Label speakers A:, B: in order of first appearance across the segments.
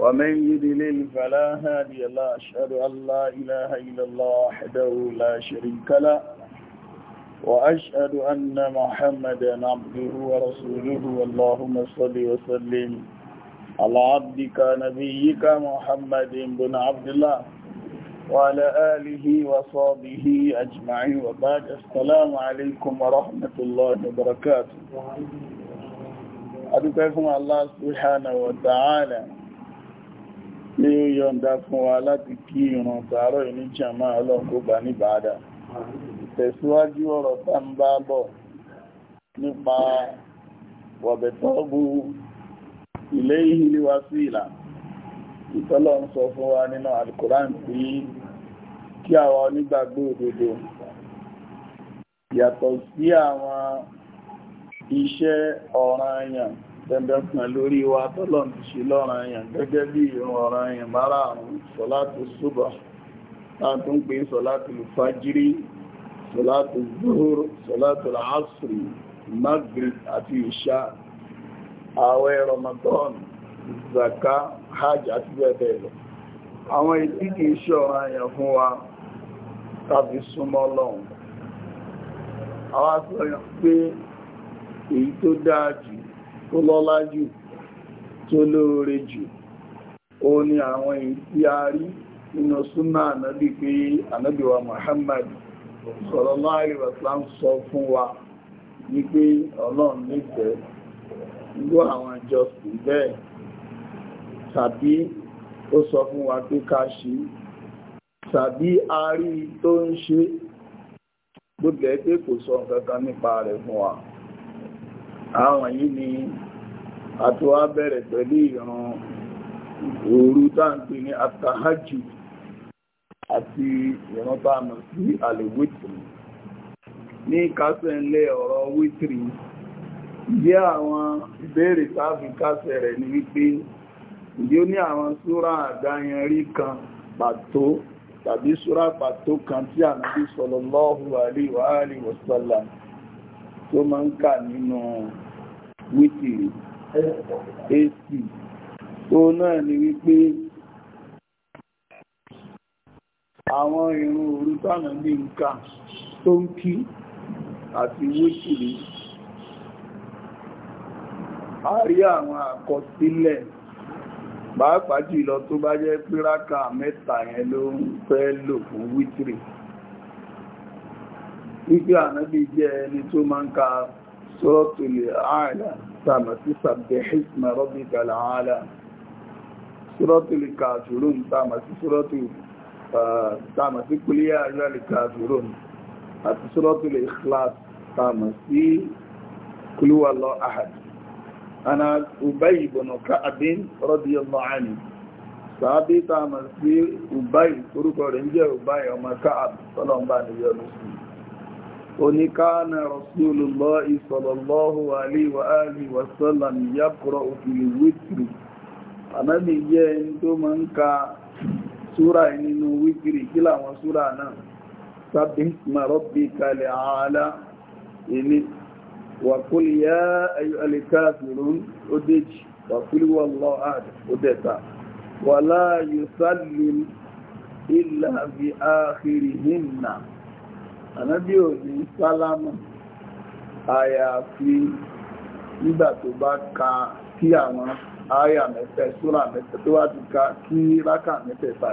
A: ومن يدلل فلا هادي الله أشهد أن لا إله إلا الله وحده لا شريك لا وأشهد أن محمدا عبده ورسوله اللهم صل وسلم على عبدك نبيك محمد بن عبد الله وعلى آله وصحبه أجمعين وبعد السلام عليكم ورحمة الله وبركاته أدعوكم الله سبحانه وتعالى ní ó yọ̀ǹda fún wa láti kí ìran tààrọ̀ ìní jàmá ọlọ́kọ̀ọ́gbà ní bàádà tẹ̀síwájú ọ̀rọ̀ tá ń bá bọ̀ nípa wọ̀bẹ̀tọ́bù ilé ìhìlíwá sí ìlà ìtọ́lọ̀ ń sọ fún wa nínú alukoran tí kí àwa onígbàgbọ́ òdodo yàtọ̀ sí àwọn iṣẹ́ dandan kan lórí wa tọ́lọ̀ ti ṣe lọ́ràn yàn gẹ́gẹ́ bí ìrun ọ̀ràn yàn márààrún sọ́látù ṣúbà láti ń pè sọ́látù fàjírí sọ́látù zuhur sọ́látù asri maghrib àti ìṣá ààwẹ̀ ramadan zaka hajj àti bẹ́ẹ̀ bẹ́ẹ̀ lọ àwọn ìdí kìí ṣe ọ̀ràn yàn fún wa tàbí súnmọ́ lọ́hùn àwọn àti pé èyí tó dáa jù tó lọ́lá jù tó lóore jù ó ní àwọn ìdí arí nínú ànábì pé sọ fún wa wípé ọlọ́run nífẹ̀ẹ́ irú àwọn ìjọsìn bẹ́ẹ̀ tàbí ó sọ fún wa pé ká ṣe tàbí arí tó ń ṣe gbogbo ẹgbẹ́ kò sọ nǹkan kan nípa rẹ̀ wa. àwọn yìí ni a tó wá bẹ̀rẹ̀ pẹ̀lú ìran òru táǹpé ní atahajù àti ìran táàmù sí àlèwítìrì ní kásẹ̀ńlẹ̀ ọ̀rọ̀ wítìrì jẹ́ àwọn ìbéèrè táàfi kásẹ̀ rẹ̀ ní wípé ìdí ó ní àwọn kan pàtó tàbí súra pàtó kan tí Ànábì sallallahu alaihi wa alihi tó máa ń kà nínú wítìrì ac òun náà ni wípé àwọn irun òru tánà ní nǹkan tó ń kí àti wítìrì a rí àwọn àkọsílẹ̀ pàápàá jùlọ tó bá jẹ́ píráka mẹ́ta yẹn ló ń fẹ́ lò fún wítìrì wípé ànábì jẹ́ ẹni tó máa ń ka suratul A'la tàbí sí sabbih isma rabbikal a'la suratul Kafirun tàbí sí suratul tàbí sí qul ya ayyuhal kafirun àti suratul Ikhlas tàbí sí qul huwallahu ahad أنا أبي بن كعب رضي الله عنه صحابي تعمل في أبي تركوا رنجة أبي وما كعب صلى الله عليه oníkánà rasulullahi sallallahu alaihi wa alihi wa sallam yaqra'u fil witri ànábì jẹ́ ẹni tó máa ń ka súra nínú wítìrì kí láwọn súra náà sabbihisma rabbikal aala ilé وقل يا أيها الكافرون أدج وقل والله أحد أدتا ولا يسلم إلا بآخرهن ànábí ò ní sálámà àyàfi nígbà tó bá ka kí àwọn àyà mẹ́fẹ́ súrà mẹ́fẹ́ tó wá ti ka kí rákà mẹ́fẹ́ ta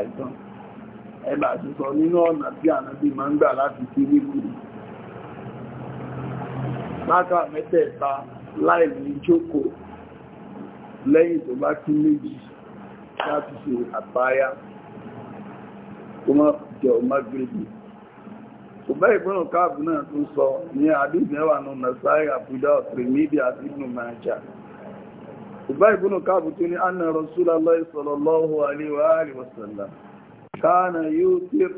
A: ẹgbà ti sọ nínú ọ̀nà tí ànábí máa ń gbà láti kí wíkú rákà ta jókòó lẹ́yìn tó bá kí méjì láti ṣe tó jẹ́ Ubay ibn Ka'b náà tún sọ ní àdíjẹ́wà nù Nàṣáì Àbúdá Tirmidhi àti Ibn Majah. Ubay ibn Ka'b tún ní Anna Rasulullahi sallallahu alaihi wa sallam. Kana yutir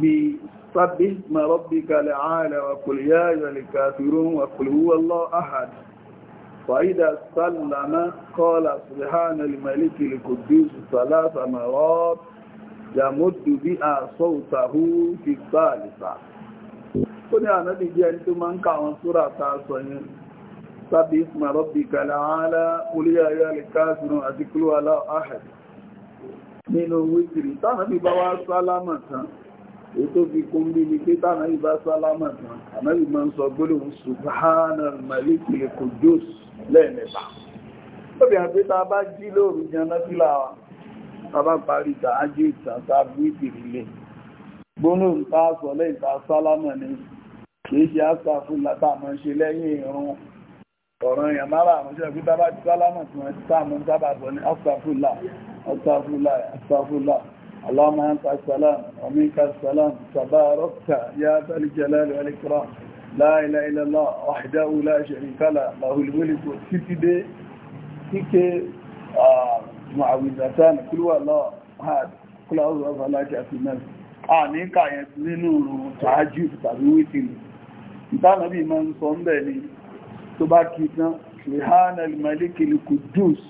A: bi sabbih ma rabbika al فإذا سلم قال سبحان الملك القدوس ثلاث مرات yàmódù bí a sọ́ọ̀tà hú fi gbá àlìsà ó ní ànábì jẹ́ ẹni tó máa ń ká àwọn súrà ta sọ yẹn sábì isma rọ́bì kàlàálá olíyàyà alìkáàsìnà àti kúlú aláàhẹ̀ nínú wítìrì tánàbì bá wá sálámà tán ètò fi kún bí ní pé tánàbì bá sálámà tán ànábì máa ń sọ tàbá parí tàájú ìtàtà bíbìrì lè gbónú ìta sọ̀lẹ̀ ìta sálámà ni kìí ṣe àtàfún látàmọ́ ṣe lẹ́yìn ìrun ọ̀ràn èèyàn mára àwọn ṣe ẹ̀kú tábà ti sálámà tí wọ́n ti sáàmù tábà sọ ní àtàfúlà àtàfúlà àtàfúlà اللهم أنت السلام ومنك السلام تباركت يا ذا الجلال والإكرام لا إله إلا الله وحده لا شريك له له الملك títí dé ah, mu'awwidhatan qul huwa Allahu ahad qul a'udhu bi rabbil falaq àti nas àní kàyẹ̀ nínú tààjù tàbí wítìlì ìtànàbí ma ń sọ mẹ́ ni tó bá kí tán rihana al-malikil kudus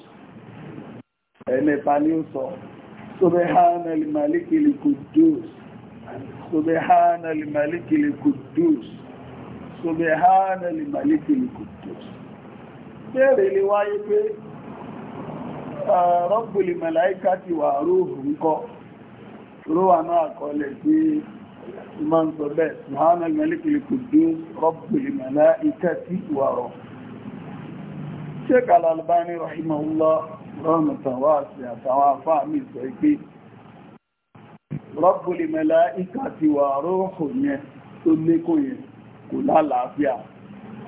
A: ẹ̀mẹ́ta ni ó sọ subhana al-malikil kudus subhana al-malikil kudus subhana al-malikil kudus bẹ́ẹ̀rẹ̀ lè wáyé pé mẹ́ta rọ́gbòlì mẹ̀láíkà ti wà róòhù ń kọ́ róhànà àkọọ́lẹ̀ tí ma ń sọ bẹ́ẹ̀ ṣùgbọ́n mẹ́lẹ́kìlì kò dé rọ́gbòlì mẹ̀láíkà ti wà rọ̀ Sheikh Al-Albani rahimahullah rọ́mùtàn wá sí àtàwọn afáà sọ pé rọ́gbòlì mẹ̀láíkà ti wà róòhù yẹn tó lékò yẹn kò lálàáfíà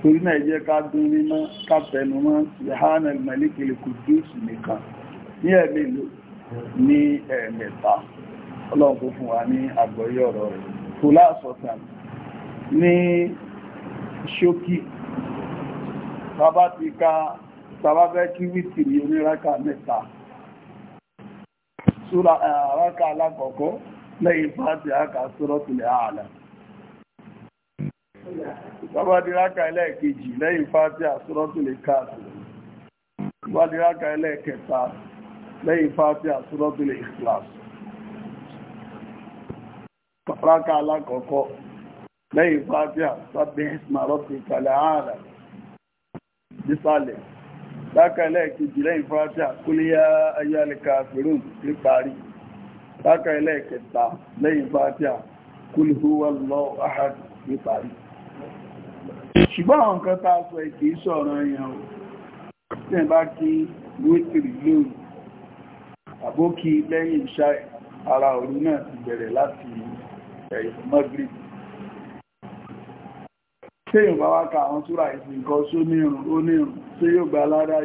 A: torí náà jẹ́ ká dún mímọ́ ká tẹnumọ́ yohana malikili kudus nìkan ní ẹ̀mẹ́lò ní ẹ̀mẹ́ta ọlọ́pọ̀ fún wa ní àgbọ́yé ọ̀rọ̀ rẹ̀ fúlá sọ̀tàn ní ṣókí bàbá ti ka sàbábẹ́ kí wítìrì oníraka mẹ́ta súra àrákà eh, alákọ̀ọ́kọ́ lẹ́yìn fàájì àkà sọ́rọ́tìlẹ̀ ààlà bàbá diraka ẹlẹ́ẹ̀kejì lẹ́yìn fàtí àsúrọ́tùlẹ̀ káàtì bàbá diraka ẹlẹ́ẹ̀kẹta lẹ́yìn fàtí àsúrọ́tùlẹ̀ ìkìláàsì bàbá alákọ̀ọ́kọ́ lẹ́yìn fàtí àsúrọ́tùlẹ̀ ààrẹ nísàlẹ̀ bàbá ẹlẹ́ẹ̀kejì lẹ́yìn fàtí àkúlẹ́yà ayálẹ̀ka fèrún bàbá ẹlẹ́ẹ̀kẹta lẹ́yìn ṣùgbọ́n àwọn nǹkan tá a sọ ìkè sọ̀rọ̀ èèyàn o tí ẹ̀ bá kí wítìrì lóòrùn àbókí lẹ́yìn iṣẹ́ ara òru náà ti bẹ̀rẹ̀ láti ẹ̀yìn Maghrib téèyàn bá wá ka àwọn súra ìsìn nǹkan sónírun onírun tí yóò gba ládá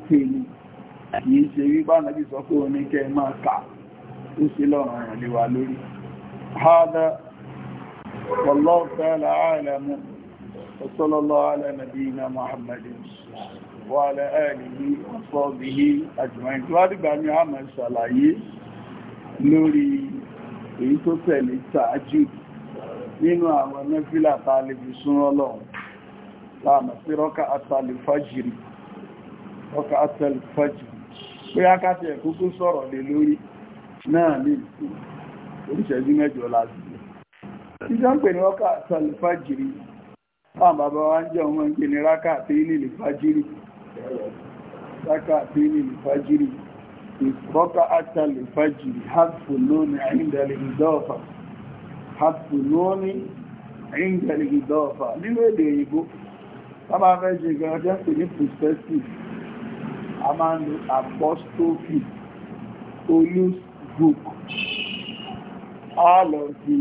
A: pè ní kìí ṣe wípá nàbí sọ pé o ní kẹ máa kà ó sí lọ́rùn rẹ̀ lè wà lórí hádá wọlọ́fẹ́lá àìlẹ̀mú ọ̀sọ́lọ́lọ́ alẹ́nàbí iná Muhammadu wà alẹ́ẹ̀lì ọ̀sọ́bìí àjùmáyìn tó wádìgbà ní àmà ìṣàlàyé lórí èyí láàmà sí rọ́kà àtàlè fàjìrì rọ́kà pé ákàtí ẹ̀kú tó sọ̀rọ̀ lè lórí náà ní oríṣẹ́jú mẹ́jọ láti lè títọ́ ń pè ní ọkà sàlìfàjìrì fún àbàbà wa ń jẹ́ ọmọ ń pè ní rákà tí ní lìfàjìrì rákà tí ní lìfàjìrì ìfọ́kà àtàlìfàjìrì hàtùlónì àìndàlìdọ́ọ̀fà hàtùlónì àìndàlìdọ́ọ̀fà nínú èdè òyìnbó a máa ń lo apostrophe olus book a lọ sí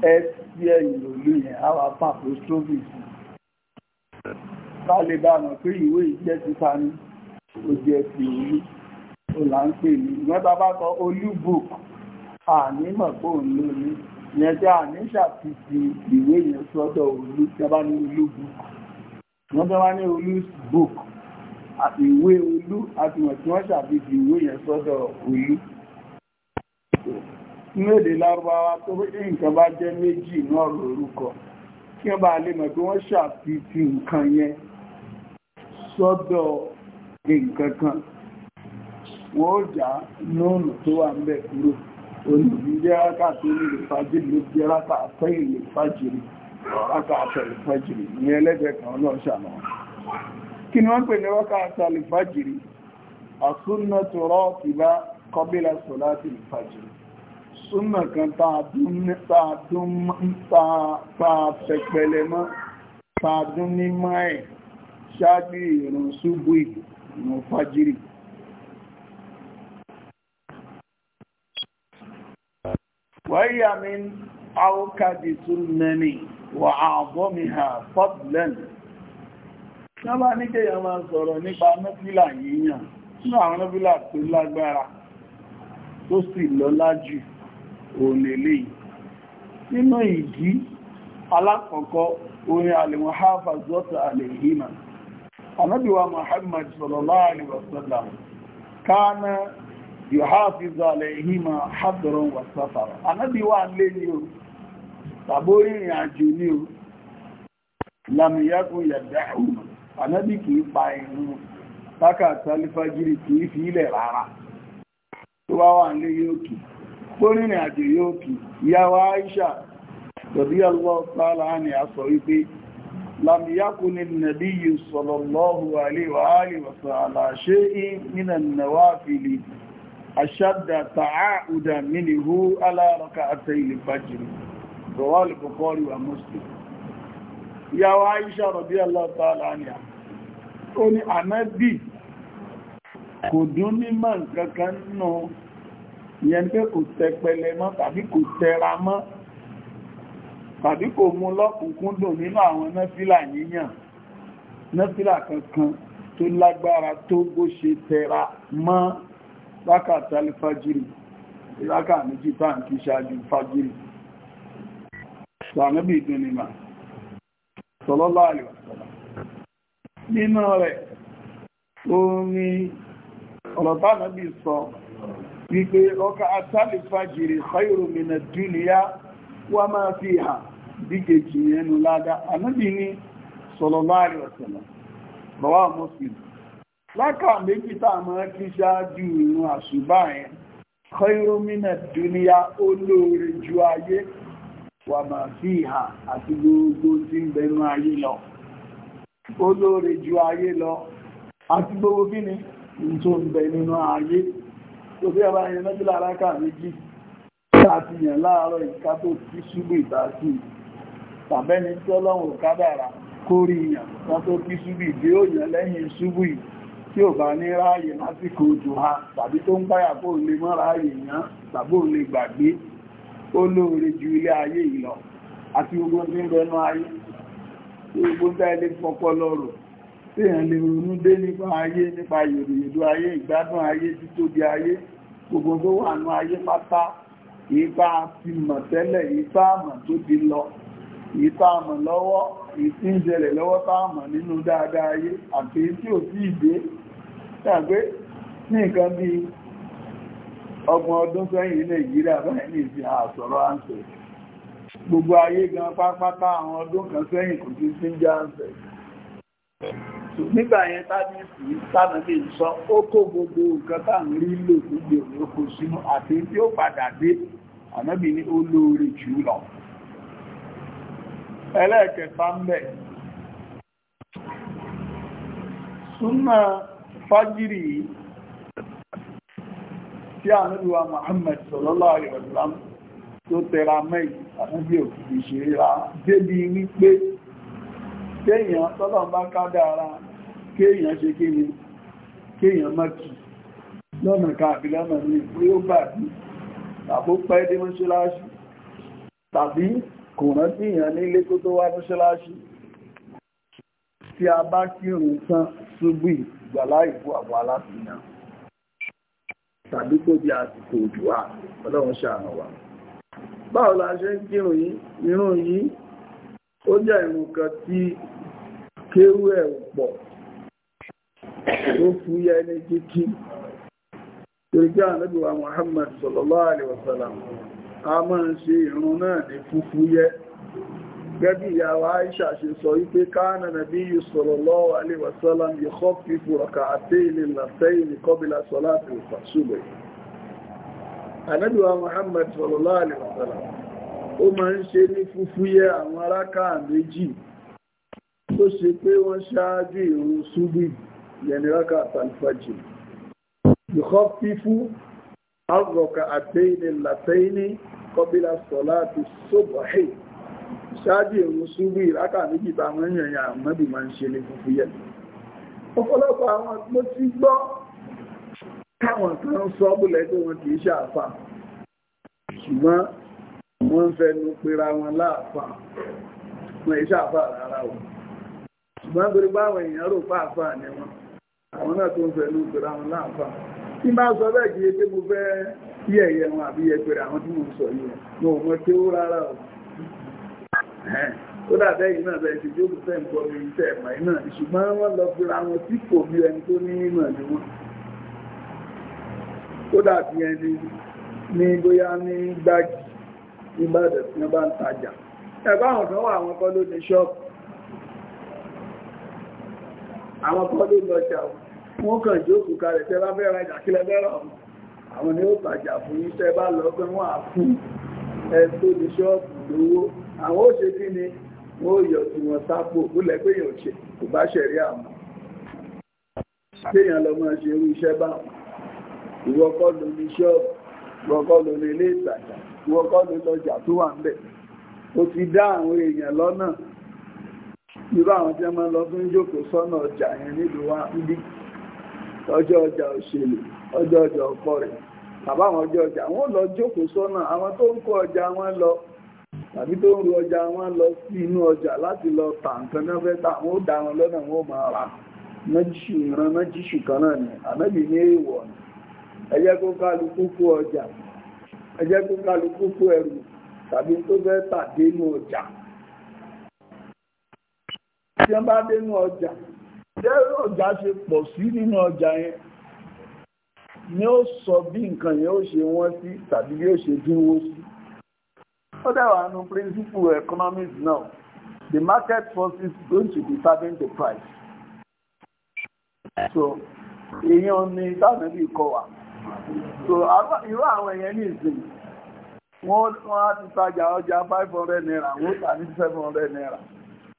A: fcl olú yẹn a wá fún apostrophe sí báàlè bá mọ̀ pé ìwé ìjẹ́ ti ta ní ojú ẹ̀sìn olú ó là ń pè ní ìgbọ́n tá bá sọ olú book ànímọ̀ pé òun ló ní ìyẹn tí a ní ṣàfihàn ìwé yẹn sọ́dọ̀ olú tí a bá ní olú book wọ́n tẹ́ wá ní olú book ìwé olú àti wọ̀n tí wọ́n ṣàfihàn ìwé yẹn sọ́dọ̀ olú inú èdè lárúbáwá tó bí nǹkan bá jẹ́ méjì náà lórúkọ kí wọ́n bá lè mọ̀ pé wọ́n ṣàfihàn nǹkan yẹn sọ́dọ̀ nǹkan kan wọ́n ó já nóònù tó wà ń bẹ̀ kúrò olùbí jẹ́ rákà tó nílò fàjìrì ló jẹ́ rákà àtẹ́yìn lè fàjìrì rákà àtẹ̀lẹ̀ fàjìrì ní ẹlẹ́gbẹ̀ẹ́ kan náà kí ni wọ́n pè ní rọ́kà àtàlìfàjìrì àsúnà tó rọ́ ìbá kọbílà sọ̀lá àtàlìfàjìrì súnà kan tààdún tààdún ní máẹ̀ ṣáájú ìrùn ṣúgbù ìrùn fàjìrì wáyé àwọ́kàdì tún mẹ́ni wà àbọ́mìhà fọ́bùlẹ́nì wọ́n bá ní kéèyàn máa sọ̀rọ̀ nípa nọ́fílà yíyàn nínú àwọn nọ́fílà tó lágbára tó sì lọ́lá jù òlèlè nínú ìdí alákọ̀ọ́kọ́ orin àlèwọ̀n hafa zọ́ta àlèhìmà anábíwa Muhammad sallallahu alaihi wasallam kánà yóò àlèhìmà hadron wasafara anábíwa lè ní o tàbórí ìrìn lámìyàkùn yàdá ọmọ ànábì kìí pa ìrun tákàtà lífàjírí kìí fi ilẹ̀ rárá tó bá wà nílé yóò kì gbórìnrìn àjò yóò kì ìyàwó Aisha tọ̀bí ọlọ́ọ̀tàlá ni a sọ wípé lámìyàkú ni nàbí yìí sọ̀lọ̀lọ́hù àlè aṣádà tààùdà mínihú alárakà àtẹ́ ilẹ̀ fàjírí ìyàwó Aisha radiyallahu ta'ala anha ó ní ànábì kò dún ní mọ̀ nǹkankan nù ìyẹn pé kò tẹpẹlẹ mọ́ tàbí kò tẹra mọ́ tàbí kò mú lọ́kùnkúndùn nínú àwọn náfílà yíyàn náfílà kankan tó lágbára tó bó ṣe tẹra mọ́ lákàtà alifájírì ìlákà méjì táǹkì ṣáájú fájírì sànábì dún ní sọlọ́lá àlèwàsọ́lá nínú rẹ̀ omi ọ̀rọ̀bá nàbí sọ wípé ọkà àtàlì fàjìrì khairu mina dúnìyà wà máa fi hà dígèjì ẹnu ládá anábì ní sọlọ́lá àlèwàsọ́lá bọ̀wá mọ́sílì láka méjì tá a máa kí ṣáájú ìrun àṣùbá yẹn khairu mina wà máa fi ìhà àti gbogbo tí ń bẹnu ayé lọ ó lóore ju ayé lọ àti gbogbo kí ni ní tó ń bẹ nínú ayé tó fi ẹ̀bá yẹn lọ́jọ́ láráká méjì láti yàn láàárọ̀ ìka tó ti ṣúgbò ìtàkì tàbẹ́ni tí ọlọ́run kádàrà kórí yàn kan tó ti ṣúgbò ìdí ó yàn lẹ́yìn ṣúgbò tí ò bá ní ráàyè lásìkò òjò ha tàbí tó ń páyà kó lè mọ́ ráàyè yàn tàbí ò lè gbàgbé olóore ju ilé ayé yìí lọ àti gbogbo tí ń rẹnu ayé gbogbo ń dáilé pọpọ́ lọ́rọ̀ tí èèyàn lè ronú dé nípa ayé nípa yòròyòdó ayé ìgbádùn ayé títóbi ayé gbogbo tó wà ní ayé pátá ìpá ti mọ̀ tẹ́lẹ̀ ìpá àmọ̀ tó ti lọ ìpá àmọ̀ lọ́wọ́ ìtí ń jẹlẹ̀ lọ́wọ́ táàmọ̀ nínú dáadáa ayé àti tí ò sí ìdé tàbí ní nǹkan bíi ọgbọ̀n ọdún sẹ́yìn ní nàìjíríà báyìí ní ìfi àṣọ̀rọ̀ àǹsẹ̀ gbogbo ayé gan pápátá àwọn ọdún kan sẹ́yìn kò sí sí ń jẹ́ àǹsẹ̀ nígbà yẹn tábìsì tánàbí sọ ó kó gbogbo nǹkan táàmì rí lò tó gbé òní ó kó sínú àti tí ó padà dé ànábì ní ó lóore jù lọ ẹlẹ́ẹ̀kẹta ń bẹ̀ súnmọ́ fájírì yìí tí ànúbíwá Muhammad sallallahu alaihi wasallam tó tẹra mẹ́yìn ànúbí òkìkì ṣeré débi wípé kéèyàn tọ́lọ̀ bá kádàrá kéèyàn ṣe kí ni kéèyàn mọ́kì lọ́nà káàbí lọ́nà ní pé ó bàbí tàbó pẹ́ dé mọ́ṣáláṣí tàbí kò rántí èèyàn nílé kó tó wá mọ́ṣáláṣí tí a bá kírun tán ṣubú ìgbàlá ìbú aláfihàn tàbí kó di àsìkò òjòwà ọlọ́run ṣàánà wa báwo la ṣe ń kírun yìí irun yìí ó jẹ́ ìrun kan tí kéwú ẹ̀ pọ̀ ó fúyẹ́ ní kíkí tòríkà ànábì wa Muhammad sallallahu alaihi wasallam a máa ń ṣe ìrun náà ní fúfúyẹ́ gẹ́bí ìyàwó Aisha ṣe sọ wípé káàna nàbí sallallahu alaihi wasallam yukhaffifu rak'atayn al-lathayn qabla salati al-subh Ànábì wa Muhammad sallallahu alaihi wasallam ó máa ń ṣe ní fúfúyẹ́ àwọn aráká méjì tó ṣe pé wọ́n ṣáájú ìrun ṣúgbì yẹni ráká àtàlfàjì yukhaffifu ṣáájú èrò ṣúgbì ìrákà méjì ta mọ́ èèyàn yà mọ́bì máa ń ṣe lè fún fúyẹ́ ọ̀pọ̀lọpọ̀ àwọn mo ti gbọ́ káwọn kan sọ búlẹ̀ pé wọn kì í ṣàfà ṣùgbọ́n wọ́n ń fẹnu pera wọn láàfà wọn kì í rárá o ṣùgbọ́n torí báwọn èèyàn rò fáàfà ni wọn àwọn náà tó ń fẹnu pera wọn láàfà tí bá sọ bẹ́ẹ̀ kì í ṣe pé mo fẹ́ yẹ̀yẹ̀ wọn àbí yẹpẹrẹ àwọn tí mo sọ yìí wọn ò mọ tí ó rárá o ó dàbẹ́ yìí náà bẹ́ẹ̀ ti jó kò fẹ́ nǹkan omi iṣẹ́ ẹ̀mọ̀ yìí náà ṣùgbọ́n wọ́n lọ fúra wọn tí kò bí ẹni tó ní mímọ̀ ni wọ́n ó dàbí ẹni ní bóyá ní gbájì ní bàdẹ̀ tí wọ́n bá ń tajà ẹ̀bá àwọn kan wà àwọn kan ló ní ṣọ́ọ̀pù àwọn kan ló lọ́jà wọ́n kàn jókòó kalẹ̀ tẹ́ bá fẹ́ ra ìdàkílẹ̀ bẹ́rọ̀ àwọn ni ó tajà fún iṣẹ́ bá lọ́gbọ́n wà fún ẹ tó ní ṣọ́ọ̀pù àwọn ó kí ni wọ́n ó yọ tí wọ́n sápò ó pé èèyàn kò bá ṣẹ̀rí àwọn kéèyàn lọ máa ṣe irú iṣẹ́ bá wọn ìwọ kọ́ ló ní ṣọ́ọ̀bù ìwọ kọ́ ló ní ilé ìtajà tó wà ńbẹ̀ ó ti dá àwọn èèyàn lọ́nà irú àwọn tí wọ́n máa lọ fún jókòó sọ́nà ọjà yẹn nílùú wa ń bí ọjà òṣèlú ọjọ́ tàbí tó ń ru ọjà wọn lọ sí inú ọjà láti lọ tà nǹkan náà fẹ́ tà wọn ó dá wọn lọ́nà wọn ó máa rà nájíṣù ìran nájíṣù kan náà ni ànábì ní èèwọ̀ ni ẹ jẹ́ kó kálukú kó ọjà ẹ jẹ́ kó kálukú kó ẹrù tàbí tó fẹ́ tà dénú ọjà tí wọ́n bá dénú ọjà jẹ́ ọjà ṣe pọ̀ sí nínú ọjà yẹn ni ó sọ bí nǹkan yẹn ó ṣe wọ́n sí tàbí bí ó ṣe dínwó sí ó dẹ̀wà nù principle economics now, the market force is going to determine the price so èèyàn ni táwọn ẹbí kọ wà so irú àwọn èèyàn ní ìsìn wọ́n á ti tajà ọjà five hundred naira wọ́n tà ní seven hundred naira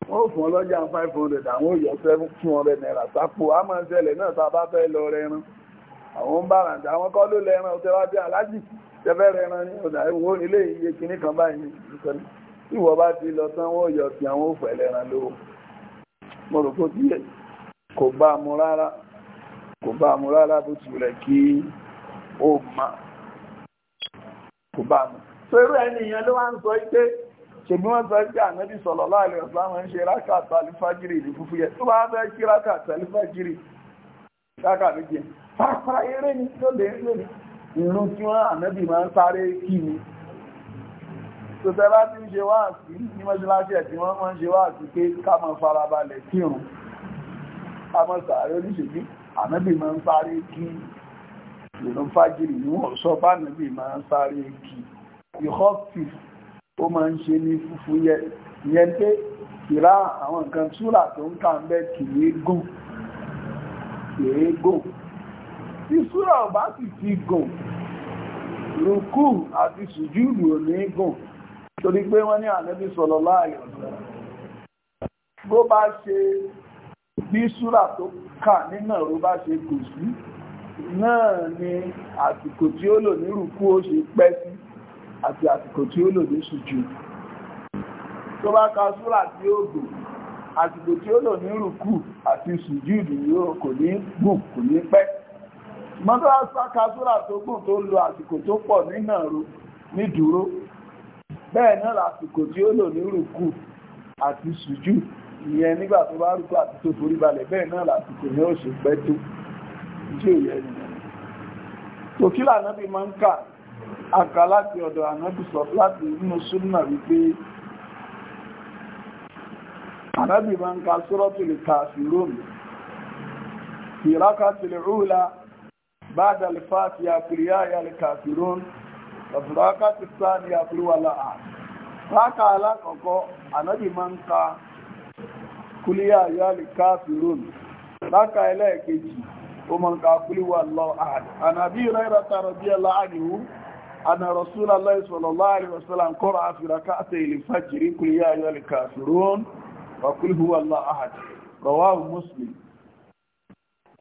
A: wọ́n fún ọlọ́jà five hundred àwọn ò yọ seven two hundred naira sápò a máa ń ṣẹlẹ̀ náà tá a bá fẹ́ lọ rẹran àwọn ń bàràǹdà àwọn kọ́ ló lẹ́ran ọ̀tẹ́wájú aláàjì tẹ́fẹ́rẹ́ ẹran ní ọ̀dà ìwò nílé iye kìíní kan báyìí ìsọ̀lẹ̀ tí ìwọ bá ti lọ tán wọ́n yọ sí àwọn òfò ẹlẹ́ran lówó mo rò pé díẹ̀ kò bá mu rárá kò bá mu rárá bó ti rẹ̀ kí ó má kò bá mu. sọ irú ẹni ìyẹn ló wá ń sọ pé ṣèbí wọ́n sọ pé ànábì sallallahu alaihi wasallam ń ṣe rákàtà àlùfájìrì ìlú fúfú yẹ tó bá fẹ́ kí rákàtà àlùfájìrì rákàtà méjì pápá eré ni tó lè ń lò ní ìrun tí wọ́n ànábì máa ń sáré kí ni tó tẹ́lá tí ń ṣe wáàsí ní mọ́ṣáláṣí tí wọ́n máa ń ṣe wáàsí pé ká máa farabalẹ̀ kírun ká máa sáré oníṣègbè ànábì máa ń sáré kí ìrun fájìrì ní wọ́n sọ bá ànábì máa ń sáré kí ìhọ́pì ó máa ń ṣe ní fúfú yẹ ìyẹn pé ìrá àwọn nǹkan súrà tó ń kà ń bẹ́ kì í gùn kì í gùn tí súrà ọ̀bá sì ti gùn rùkú àti sùjúdù ò ní gùn torí pé wọ́n ní ànábì sallallahu alaihi wasallam bó bá ṣe bí súrà tó kà nínà ló bá ṣe kù sí náà ni àsìkò tí ó lò ní rùkú ó ṣe pẹ́ sí àti àsìkò tí ó lò ní sùjúdù tó bá ka súrà tí ó gùn àsìkò tí ó lò ní rùkú àti sùjúdù yóò kò ní gùn kò ní pẹ́ mọ́tàlásá kásúrà tó gùn tó lo àsìkò tó pọ̀ nínàró ní dúró bẹ́ẹ̀ náà lásìkò tí ó lò ní rùkù àti sùjú ìyẹn nígbà tó bá rúkú àti tó forí balẹ̀ bẹ́ẹ̀ náà lásìkò ní oṣù pẹ́ tó tí ò yẹ nìyẹn máa ń kà àkà láti ọ̀dọ̀ sọ láti inú wípé máa بعد الفاتحة قل يا الكافرون وفراقة الثانية قل ولا أحد rákà alákọ̀ọ́kọ́ ànábì máa ń ka kúlíyà yálì káàfìrún rákà ẹlẹ́ẹ̀kejì ó máa ń ka kúlíwà lọ àhàdì ànàbí rẹ́rẹ́ tààrà bí ẹlá àdìwú àna rasúlà lẹ́sọ̀lọ̀ láàrin rasúlà ń kọ́rọ̀ àfìrà káàtẹ̀ ilẹ̀ fàjìrí kúlíyà yálì káàfìrún wà kúlíwà lọ àhàdì rọwáhù muslim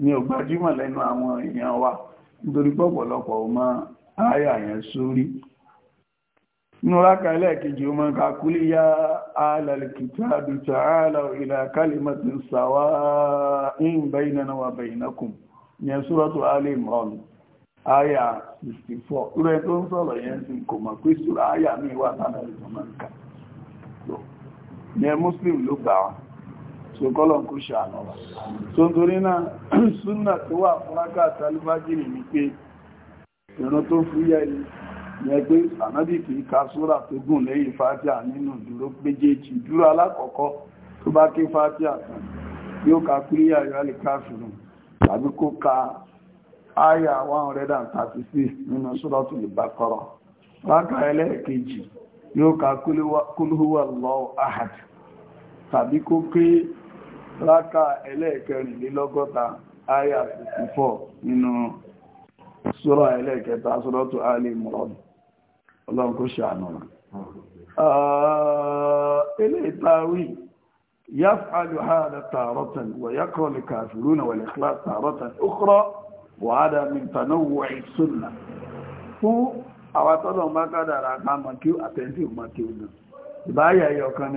A: ni ò gbajúmọ̀ lẹ́nu àwọn èèyàn wa nítorí pọ̀pọ̀lọpọ̀ ò mọ àyà yẹn sórí inú ráka ẹlẹ́ẹ̀kejì ya alàlìkìtà àbìtà àlà ìlà kálímọ̀tì sàwà ń bẹ́yìnà 64 muslim ló gbà wọn so kọ́lọ̀n kó ṣàánà wa so nítorí náà súnà tó wà fún rákàtà alifájìrì ní pé ìran tó fúyẹ́ pé ànábì kì í ka súrà tó gùn lẹ́yìn fátíà nínú dúró méjèèjì dúró alákọ̀ọ́kọ́ tó bá ké fátíà tán yóò ka kúríyà ìrálẹ̀ káfìrún tàbí kó ka aya 136 nínú Suratul ka ahad tàbí kó rákà ẹlẹ́ẹ̀kẹrìnlélọ́gọ́ta aya 54 nínú sura ẹlẹ́ẹ̀kẹta suratu Ali Imran ọlọ́run kó ṣàánú rẹ̀ ah, eléyìí tá a wí يفعل هذا تارة ويقرأ الكافرون والإخلاص تارة أخرى وهذا من تنوع السنة هو àwátọ́lọ̀ bá kádàrà ká mọ̀ kí àtẹ́ntì mọ̀ kí ó náà ìbáyà ẹ̀yọ̀ kan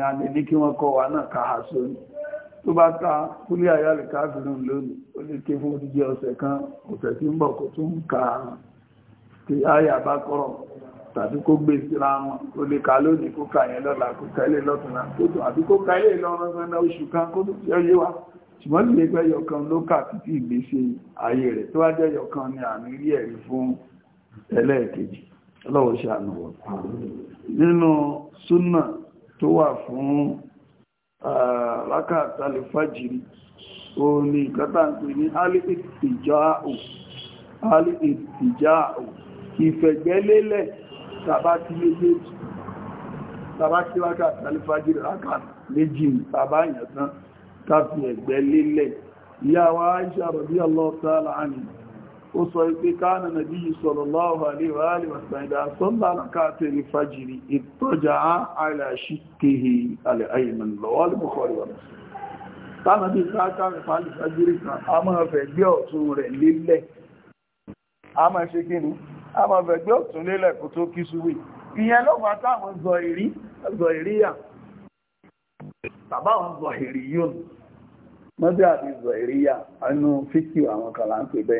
A: wọ́n kọ́ wa náà káhà sóní tó bá ta kúlé àyàlẹ̀ káàkiri lónìí ó lè ké fún odidi ọ̀sẹ̀ kan ọ̀sẹ̀ tí ń bọ̀ kó tún ka ti àyà bá kọ́rọ̀ tàbí kó gbé síra wọn ó lè ka lónìí kó ka yẹn lọ́la kó ka ilé lọ́tùnà tó tún àbí kó ka ilé lọ́rùn sọ́nà oṣù kan kó tún yọ yé wa ṣùgbọ́n ni àmì rí ẹ̀rí fún ẹlẹ́ẹ̀kejì ọlọ́wọ́ ṣe ànàwọ̀ nínú súnà tó wà rákàtàlẹ̀ fàjìrí o ní ìkátà ń pè ní alìtìjáò ìfẹ̀gbẹ́lélẹ̀ tàbátí méjèèjì tàbátí rákàtàlẹ̀ fàjìrí rákàtà méjì tàbá ìyàtán tàbí ẹ̀gbẹ́lélẹ̀ ìyá wa Aisha radiyallahu ta'ala ó sọ ipé káàna nàbí sallallahu alaihi wa sallam sọ́lá káàtẹ̀rì fàjìrì ìtọ́jà àìlàṣí kéhì táàmà bí fàjìrì kan a máa fẹ̀ gbé ọ̀tún rẹ̀ lélẹ̀ a máa ṣe kí ni a máa fẹ̀ gbé ọ̀tún lélẹ̀ kó tó kí súwì ìyẹn ló fà táwọn zọ ìrí zọ ìríyà tàbáwọn zọ ìrí yóò mọ́bí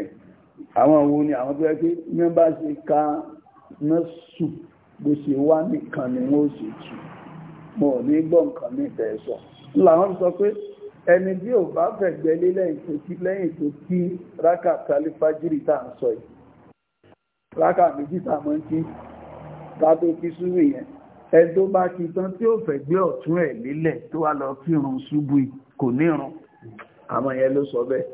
A: àwọn òun ni àwọn tó yẹ pé mẹ́mbà ṣe ká mẹ́sù bó ṣe wá nìkan ni wọ́n ṣe tù mọ̀ ní gbọ́ nǹkan ní ìtẹ̀ẹ̀sọ̀ làwọn sọ pé ẹni tí ò bá fẹ̀gbẹ́ lé lẹ́yìn tó kí rákà tálí fájírì tá à ń sọ yìí rákà méjì tá mọ́ kí ká kí súrù yẹn ẹni bá kí tán tí ó fẹ̀gbẹ́ ọ̀tún ẹ̀ lélẹ̀ tó wá lọ kírun ṣubú kò nírun àmọ́ yẹn ló sọ bẹ́ẹ̀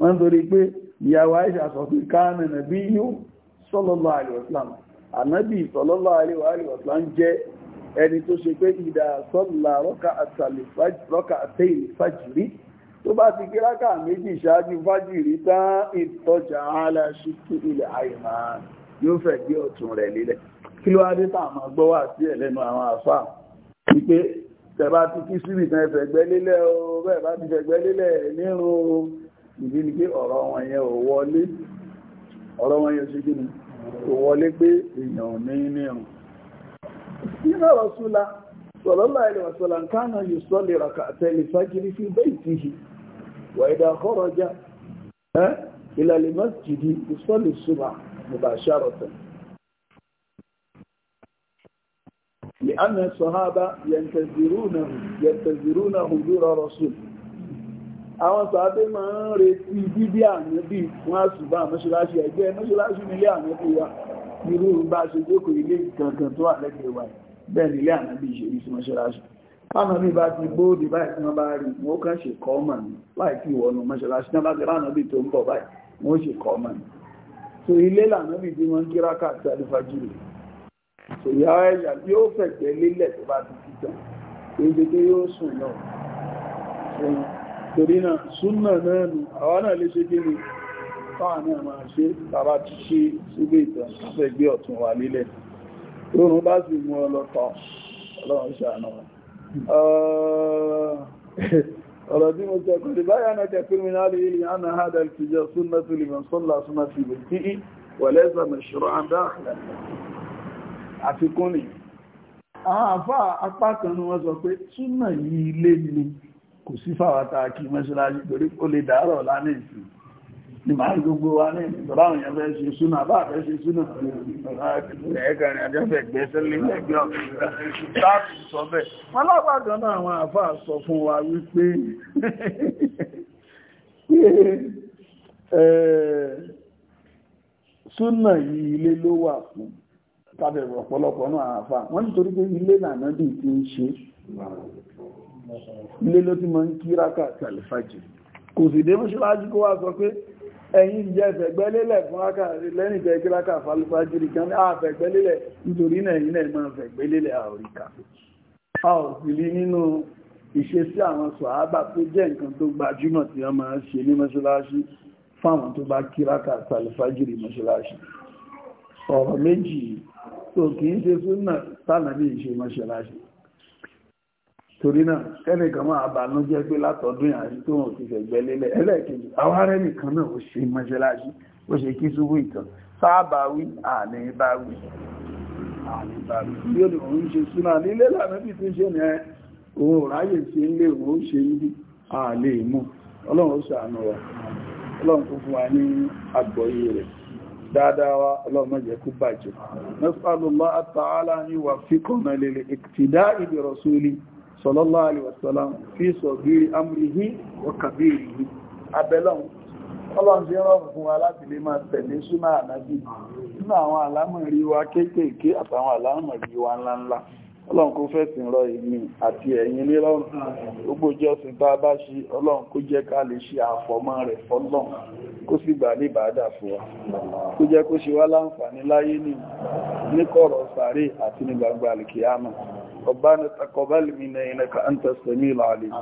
A: wọ́n ń torí pé ìyàwó Àìṣà sọ pé káàmì nàbí yíó sallallahu alaihi wasallam ànábì sallallahu alaihi wasallam jẹ́ ẹni tó ṣe pé ìdá sọ́lá rọ́kà àtẹ́yìn fàjìrí tó bá ti kí rákà méjì ṣáájú fàjìrí tán ìtọ́jà aláṣíkú ilẹ̀ àìmá yóò fẹ́ gbé ọ̀tún rẹ̀ lélẹ̀ kí ló adé tá àmọ́ gbọ́ wà sí ẹ̀lẹ́nu àwọn àfà tẹ̀bá ti kí síbìtàn ẹ̀fẹ̀gbẹ́ lélẹ̀ o bẹ́ẹ̀ bá ti fẹ̀gbẹ́ lélẹ̀ nírun ìdí ni pé ọ̀rọ̀ wọn yẹn ò wọlé ọ̀rọ̀ wọn yẹn ṣígbì ni kò wọlé pé èèyàn ní ní ọ̀rùn iná rọ̀súlá sọ̀lọ́lá ilẹ̀ rọ̀sọ̀lá kánà yìí sọ lè rà kàtẹ́lẹ̀ fagiri fi bẹ́ ìtìhì wà ìdá kọ́rọ̀já ìlàlẹ̀ لأن الصحابة ينتظرونه ينتظرون حضور رسول àwọn sàábé máa ń retí bíbí ànábì wọ́n á ṣùgbọ́n àmọ́ṣíláṣí ẹgbẹ́ mọ́ṣíláṣí nílé ànábì wa irú bá ṣe jókò ilé kankan tó àlẹ́gbẹ̀ẹ́ wa bẹ́ẹ̀ nílé ànábì ṣe rí sí mọ́ṣíláṣí ànábì bá ti bóòdì báyìí tí wọ́n bá rí wọ́n kàn ṣe kọ́ mọ̀ ní láì tí ìwọ̀nù mọ́ṣíláṣí náà bá ti rá ànábì tó ń bọ̀ báyìí wọ́n ṣe kọ́ mọ̀ ní so ilé lànábì tí wọ́n kíra káàkiri alifájúrì so ìyá ẹ̀yà yóò fẹ̀gbẹ́ lélẹ̀ tó bá ti ti tán èyí tó yóò sùn náà torí náà súnnà náà nù àwọn náà lè ṣe kí ni fáà náà máa ṣe tàbá ti ṣe sígbé ìtàn káfẹ́ gbé ọ̀tún wà lílẹ̀ rọrùn bá sì mú ọlọ́tọ̀ ọlọ́run ṣàánà ọ̀rọ̀ tí mo sọ kọ́lì báyá náà kẹfẹ́ mi náà lè rí àná hádà ìtìjọ súnnà tó lè àwọn àfáà apá kan ni sọ pé súnnà yìí ilé ni kò sí fàwátà kí mọ́ṣíláṣí torí ó lè dàárọ̀ lánàá ìsìn ni máa gbogbo wa ní ìtọ́láwọn èèyàn fẹ́ ṣe súnà bá fẹ́ ṣe súnà ẹ̀ẹ́kẹrin àjọ́fẹ́ gbẹ́sẹ́lé ẹgbẹ́ ọ̀fẹ́ láti sọ bẹ́ẹ̀ wọ́n lápàdán náà àwọn àfáà sọ fún wa wípé súnà yìí ilé ló wà fún tàbí ọ̀pọ̀lọpọ̀ náà àfáà wọ́n nítorí pé ilé lànà dì ti ń ṣe ilé ló ti máa ń kí rákà tàlífàjì kò sì dé mọ́ṣáláṣí kó wá sọ pé ẹ̀yin jẹ́ fẹ̀gbẹ́lélẹ̀ fún rákà lẹ́yìn tẹ́ kí rákà fàlífàjì kan á fẹ̀gbẹ́lélẹ̀ nítorí náà ẹ̀yin náà máa fẹ̀gbẹ́lélẹ̀ àoríkà a ò sì rí nínú ìṣesí àwọn sọ̀hábà tó jẹ́ nǹkan tó gbajúmọ̀ tí wọ́n máa ń ṣe ní mọ́ṣáláṣí fáwọn tó bá kí rákà tàlífàjì mọ́ṣáláṣí ọ̀rọ̀ méjì tó kì í ṣe súnà tánàbí ìṣe mọ́ṣáláṣí torí náà kẹ́nìkan máa bànújẹ́ pé látọ̀dún àti tó wọn ti fẹ̀gbẹ́ lélẹ̀ ẹlẹ́ẹ̀kejì àwọn ará nìkan náà ó ṣe mọ́ṣáláṣí ó ṣe kí súwú ìtàn sáàbà wí àní bá wí àní bá wí bí ó lè òun ṣe súná nílé lànà bí tó ṣe ní ẹ òun ò ráyè dáadáa ọlọ́run jẹ́ kó bàjẹ́ nasalullah ta'ala ni wà fíkọ̀nà lè iqtida'i bi rasuli sallallahu alaihi wasallam fi sọ̀gbìrì amúrihí ọkàbìrì yìí abẹ́lọ́un ọlọ́run rọrùn fún wa láti lè máa tẹ̀lé súnmọ́ ànábì nínú àwọn àlámọ̀rí wa kéékèèké àtàwọn àlámọ̀rí wa ńláńlá ọlọ́run kó rọ àti gbogbo bá ọlọ́run kó jẹ́ ká lè ṣe rẹ̀ fọ́lọ́run kó sì gbà ní fún wa kó jẹ́ kó ṣe wá ربنا تقبل منا إنك أنت السميع العليم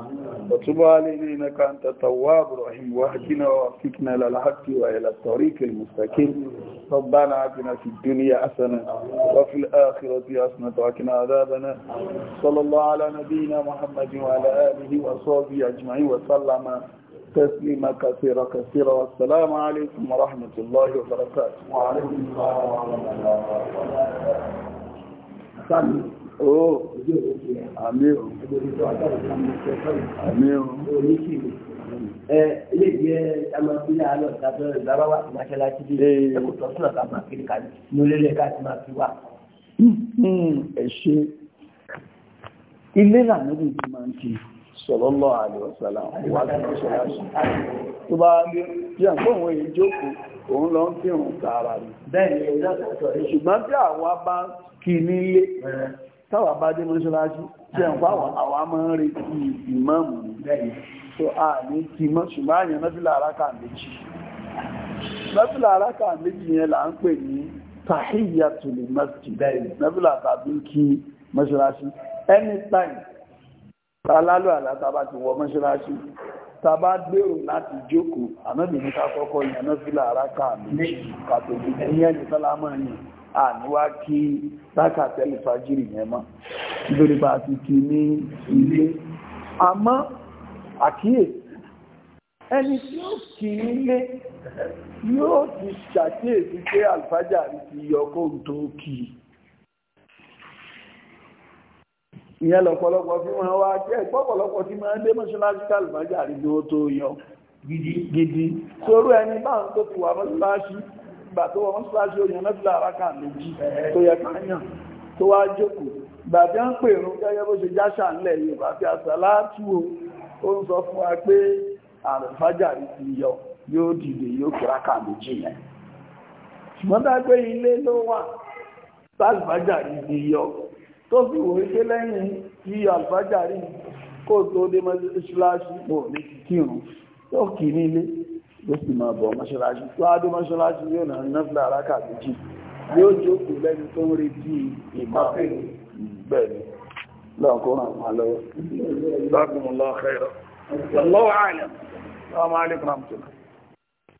A: وتب علينا إنك أنت التواب الرحيم واهدنا ووفقنا للحق وإلى الطريق المستقيم ربنا آتنا في الدنيا حسنة وفي الآخرة حسنة وأقنا عذابنا صلى الله على نبينا محمد وعلى آله وصحبه أجمعين وسلم تسليما كثيرا كثيرا والسلام عليكم ورحمة الله وبركاته وعليكم السلام ورحمة الله وبركاته ó àmì ò àmì ò ilé ìgbé amagbilé alọ ìdájọ́ ìdábá wa mọ́ṣáláṣí bí ẹkùtọ sínú ọgá máa kiri kàní nílé ká ti máa fi wà. Hmm, ẹ ṣe ilé lànà bí ti máa ń kiri sallallahu alaihi wasallam wà ní mọ́ṣáláṣí tó bá lé bí àgbọn òun èyí jókòó òun lọ ń kírun tààrà rẹ̀. bẹ́ẹ̀ni ìdájọ́ ìṣùgbọ́n tí àwa bá táwà bá dé mọ́ṣáláṣí jẹ́ ń pàwọ̀ àwa máa ń retí ìmáàmù lẹ́yìn tó a ní ti mọ́ ṣùgbọ́n àyàn nọ́fìlà aráka méjì nọ́fìlà aráka méjì yẹn là ń pè ní tahiyyatul masjid nọ́fìlà tàbí kí mọ́ṣáláṣí anytime alálò àlátàbá ti wọ mọ́ṣáláṣí tàbá gbèrò láti jókòó ànábìnrin ká kọ́kọ́ yẹn nọ́fìlà aráka méjì kàtòkì àníwá kí lákàtẹ́lì fàjírì yẹn mọ́ nítorí bá ti kí ní ilé àmọ́ àkíyè ẹni tí ó kí ilé yóò ti ṣàkíyèsí pé alfájà rí ti yọ kó tó kí ìyẹn lọ̀pọ̀lọpọ̀ fi wọ́n wá jẹ́ ìpọ̀pọ̀lọpọ̀ tí máa dé mọ́ṣáláṣí alfájà ni ó tó yọ gidi sórú ẹni báwọn tó ti wà mọ́ṣáláṣí gbà tó wọ́n sáájú oyan mẹ́fìlà àrákà méjì tó yẹ káyàn tó wá jókòó gbà tí wọ́n pè rún gẹ́gẹ́ bó ṣe jáṣà ńlẹ̀ Yorùbá fi wo ó ń sọ fún wa pé àrùfájàrí ti yọ yóò dìde yóò kíráka méjì yẹn ṣùgbọ́n tá yọ tó wò ó lẹ́yìn tí àlùfájàrí kò tó dé pò ó sì máa bọ̀ mọ́ṣáláṣí tó á dé mọ́ṣáláṣí yóò náà náfìlà aráka méjì yóò jókòó lẹ́ni tó ń retí ìmọ̀ bẹ́ẹ̀ ni lọ́kọ́ ràn wá lọ́wọ́. Bákan lọ́kẹ́ rọ̀.